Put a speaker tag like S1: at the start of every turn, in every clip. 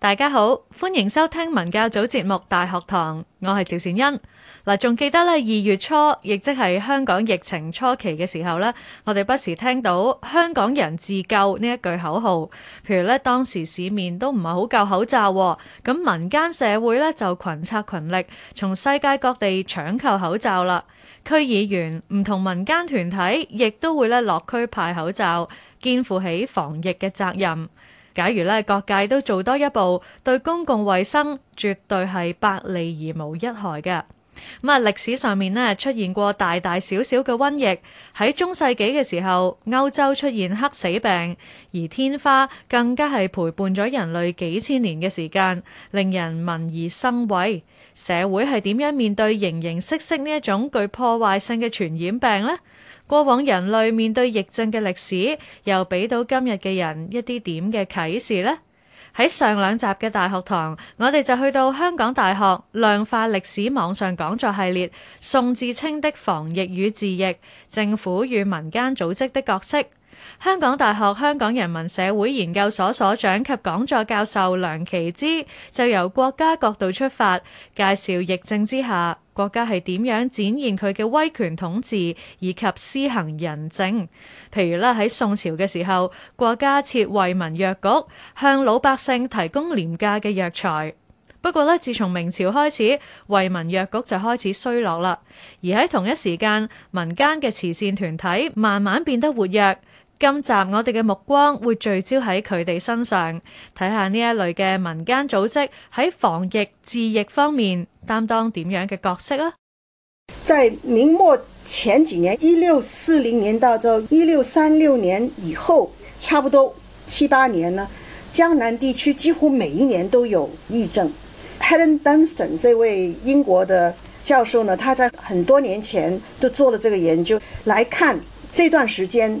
S1: 大家好，歡迎收聽文教組節目《大學堂》，我係趙善恩。嗱，仲記得咧二月初，亦即係香港疫情初期嘅時候呢，我哋不時聽到香港人自救呢一句口號。譬如呢，當時市面都唔係好夠口罩，咁民間社會呢就群策群力，從世界各地搶購口罩啦。區議員、唔同民間團體亦都會咧落區派口罩，肩負起防疫嘅責任。假如咧，各界都做多一步，對公共衛生絕對係百利而無一害嘅。咁啊，歷史上面咧出現過大大小小嘅瘟疫，喺中世紀嘅時候，歐洲出現黑死病，而天花更加係陪伴咗人類幾千年嘅時間，令人聞而生畏。社會係點樣面對形形色色呢一種具破壞性嘅傳染病呢？過往人類面對疫症嘅歷史，又俾到今日嘅人一啲點嘅啟示呢？喺上兩集嘅大學堂，我哋就去到香港大學量化歷史網上講座系列《宋至清的防疫與治疫：政府與民間組織的角色》。香港大學香港人民社會研究所所長及講座教授梁其之就由國家角度出發，介紹疫症之下國家係點樣展現佢嘅威權統治以及施行仁政。譬如咧，喺宋朝嘅時候，國家設惠民藥局，向老百姓提供廉價嘅藥材。不過咧，自從明朝開始，惠民藥局就開始衰落啦。而喺同一時間，民間嘅慈善團體慢慢變得活躍。今集我哋嘅目光會聚焦喺佢哋身上，睇下呢一類嘅民間組織喺防疫治疫方面擔當點樣嘅角色啊！
S2: 在明末前幾年，一六四零年到一六三六年以後，差不多七八年呢，江南地區幾乎每一年都有疫症。Helen Dunstan 這位英國的教授呢，他在很多年前都做了這個研究，來看這段時間。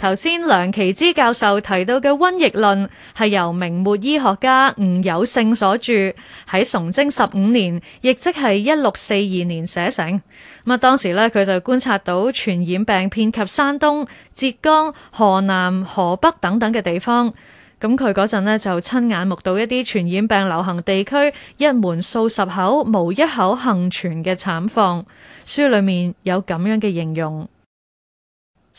S1: 頭先梁其姿教授提到嘅《瘟疫論》係由明末醫學家吳有性所著，喺崇禎十五年，亦即係一六四二年寫成。咁啊，當時咧佢就觀察到傳染病遍及山東、浙江、河南、河北等等嘅地方。咁佢嗰陣咧就親眼目睹一啲傳染病流行地區一門數十口無一口幸存嘅慘況。書裏面有咁樣嘅形容。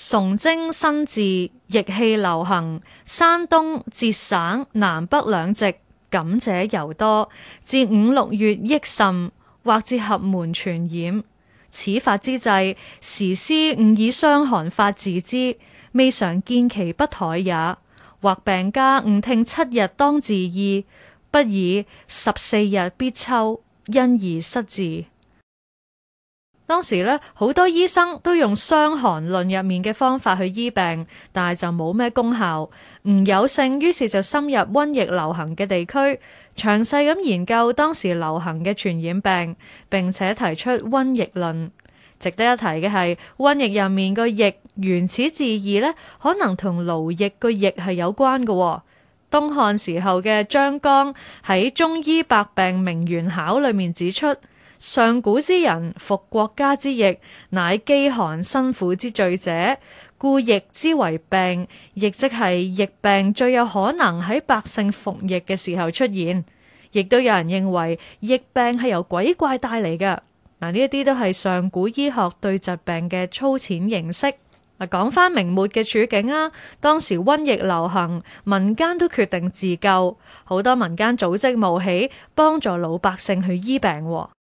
S1: 崇禎新治，疫氣流行，山東浙省南北兩直，感者尤多。至五六月益甚，或至合門傳染。此法之際，時師誤以傷寒法治之，未嘗見其不台也。或病家誤聽七日當自愈，不以十四日必秋，因而失治。當時咧，好多醫生都用傷寒論入面嘅方法去醫病，但係就冇咩功效。吳有性於是就深入瘟疫流行嘅地區，詳細咁研究當時流行嘅傳染病，並且提出瘟疫論。值得一提嘅係，瘟疫入面個疫原始字義咧，可能同癆疫個疫係有關嘅。東漢時候嘅張江喺《中醫百病名原考》裏面指出。上古之人服國家之役，乃飢寒辛苦之罪者，故疫之為病，亦即係疫病最有可能喺百姓服役嘅時候出現。亦都有人認為疫病係由鬼怪帶嚟嘅。嗱，呢啲都係上古醫學對疾病嘅粗淺認識。嗱，講翻明末嘅處境啊，當時瘟疫流行，民間都決定自救，好多民間組織冒起幫助老百姓去醫病。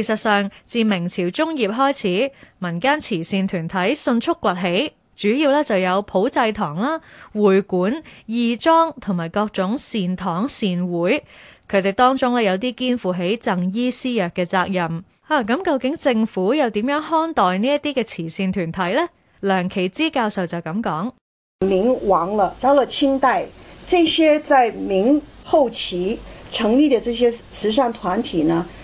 S1: 事實上，自明朝中葉開始，民間慈善團體迅速崛起，主要咧就有普濟堂啦、會館、義莊同埋各種善堂善會。佢哋當中咧，有啲肩負起贈醫施藥嘅責任。啊，咁、嗯、究竟政府又點樣看待呢一啲嘅慈善團體呢？梁其之教授就咁講：
S2: 明亡了，到了清代，這些在明後期成立的這些慈善團體呢？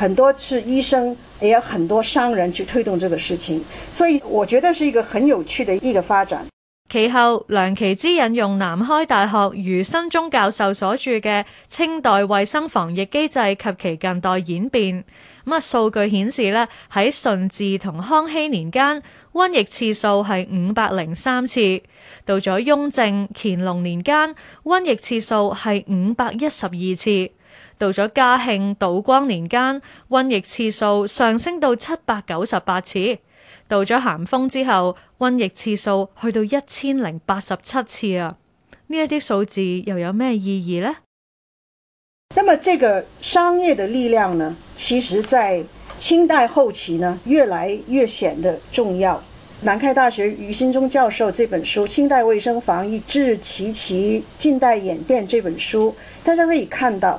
S2: 很多次醫生，也有很多商人去推動這個事情，所以我覺得是一個很有趣的一個發展。
S1: 其後，梁其之引用南開大學余新忠教授所著嘅《清代衛生防疫機制及其近代演變》咁啊，數據顯示咧，喺順治同康熙年間瘟疫次數係五百零三次，到咗雍正、乾隆年間瘟疫次數係五百一十二次。到咗嘉慶道光年間，瘟疫次數上升到七百九十八次。到咗咸豐之後，瘟疫次數去到一千零八十七次啊！呢一啲數字又有咩意義呢？
S2: 那麼這個商業的力量呢，其實在清代後期呢，越來越顯得重要。南開大學余新忠教授這本書《清代衛生防疫治其其近代演變》這本書，大家可以看到。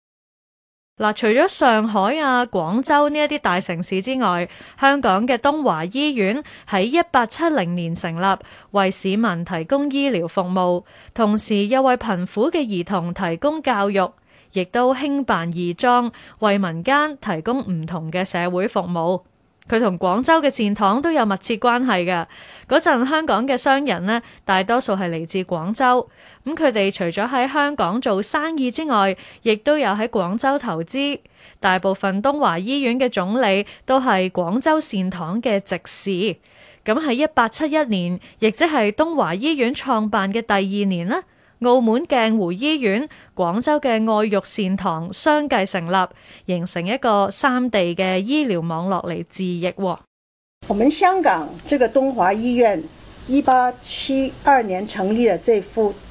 S1: 嗱，除咗上海啊、廣州呢一啲大城市之外，香港嘅東華醫院喺一八七零年成立，為市民提供醫療服務，同時又為貧苦嘅兒童提供教育，亦都興辦義莊，為民間提供唔同嘅社會服務。佢同廣州嘅善堂都有密切關係嘅。嗰陣香港嘅商人呢，大多數係嚟自廣州。咁佢哋除咗喺香港做生意之外，亦都有喺廣州投資。大部分東華醫院嘅總理都係廣州善堂嘅直事。咁喺一八七一年，亦即係東華醫院創辦嘅第二年啦。澳門鏡湖醫院、廣州嘅愛育善堂相繼成立，形成一個三地嘅醫療網絡嚟治疫。
S2: 我們香港這個東華醫院一八七二年成立了這副。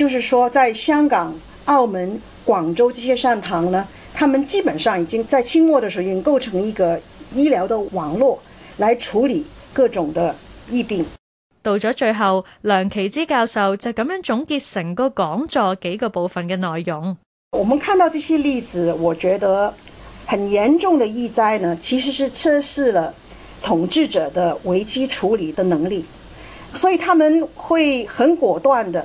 S2: 就是說，在香港、澳門、廣州這些善堂呢，他們基本上已經在清末的時候已經構成一個醫療的網絡，來處理各種的疫病。
S1: 到咗最後，梁其姿教授就咁樣總結成個講座幾個部分嘅內容。
S2: 我們看到這些例子，我覺得很嚴重的疫災呢，其實是測試了統治者的危機處理的能力，所以他們會很果斷的。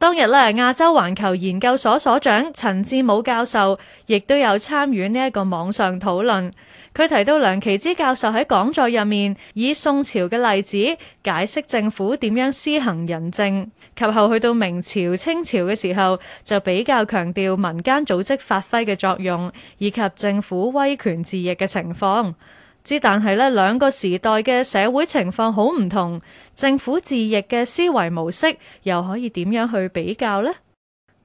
S1: 當日咧，亞洲環球研究所所長陳志武教授亦都有參與呢一個網上討論。佢提到梁其姿教授喺講座入面，以宋朝嘅例子解釋政府點樣施行仁政，及後去到明朝、清朝嘅時候，就比較強調民間組織發揮嘅作用，以及政府威權治疫嘅情況。之，但係咧，兩個時代嘅社會情況好唔同，政府治疫嘅思維模式又可以點樣去比較呢？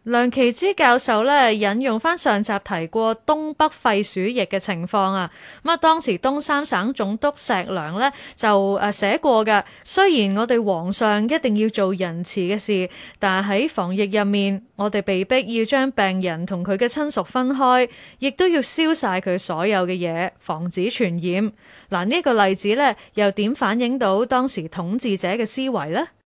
S1: 梁其之教授引用翻上集提過東北肺鼠疫嘅情況啊，咁啊當時東三省總督石良呢就誒寫過㗎，雖然我哋皇上一定要做仁慈嘅事，但係喺防疫入面，我哋被逼要將病人同佢嘅親屬分開，亦都要燒晒佢所有嘅嘢，防止傳染。嗱、這、呢個例子呢又點反映到當時統治者嘅思維呢？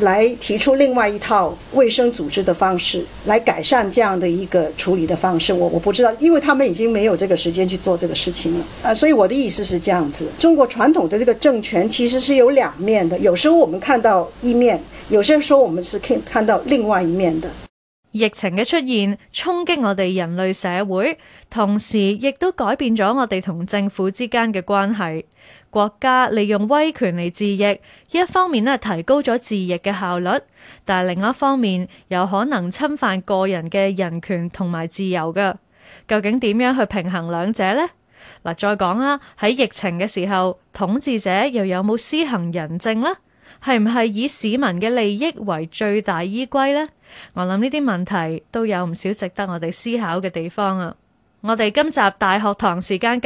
S2: 來提出另外一套衛生組織的方式來改善這樣的一個處理的方式，我我不知道，因為他們已經沒有這個時間去做這個事情了啊，所以我的意思是這樣子。中國傳統的這個政權其實是有兩面的，有時候我們看到一面，有些時候我們是看看到另外一面的。
S1: 疫情嘅出現衝擊我哋人類社會，同時亦都改變咗我哋同政府之間嘅關係。國家利用威權嚟治疫，一方面呢提高咗治疫嘅效率，但係另一方面又可能侵犯個人嘅人權同埋自由噶。究竟點樣去平衡兩者呢？嗱，再講啦，喺疫情嘅時候，統治者又有冇施行仁政呢？係唔係以市民嘅利益為最大依歸呢？我諗呢啲問題都有唔少值得我哋思考嘅地方啊！我哋今集大學堂時間。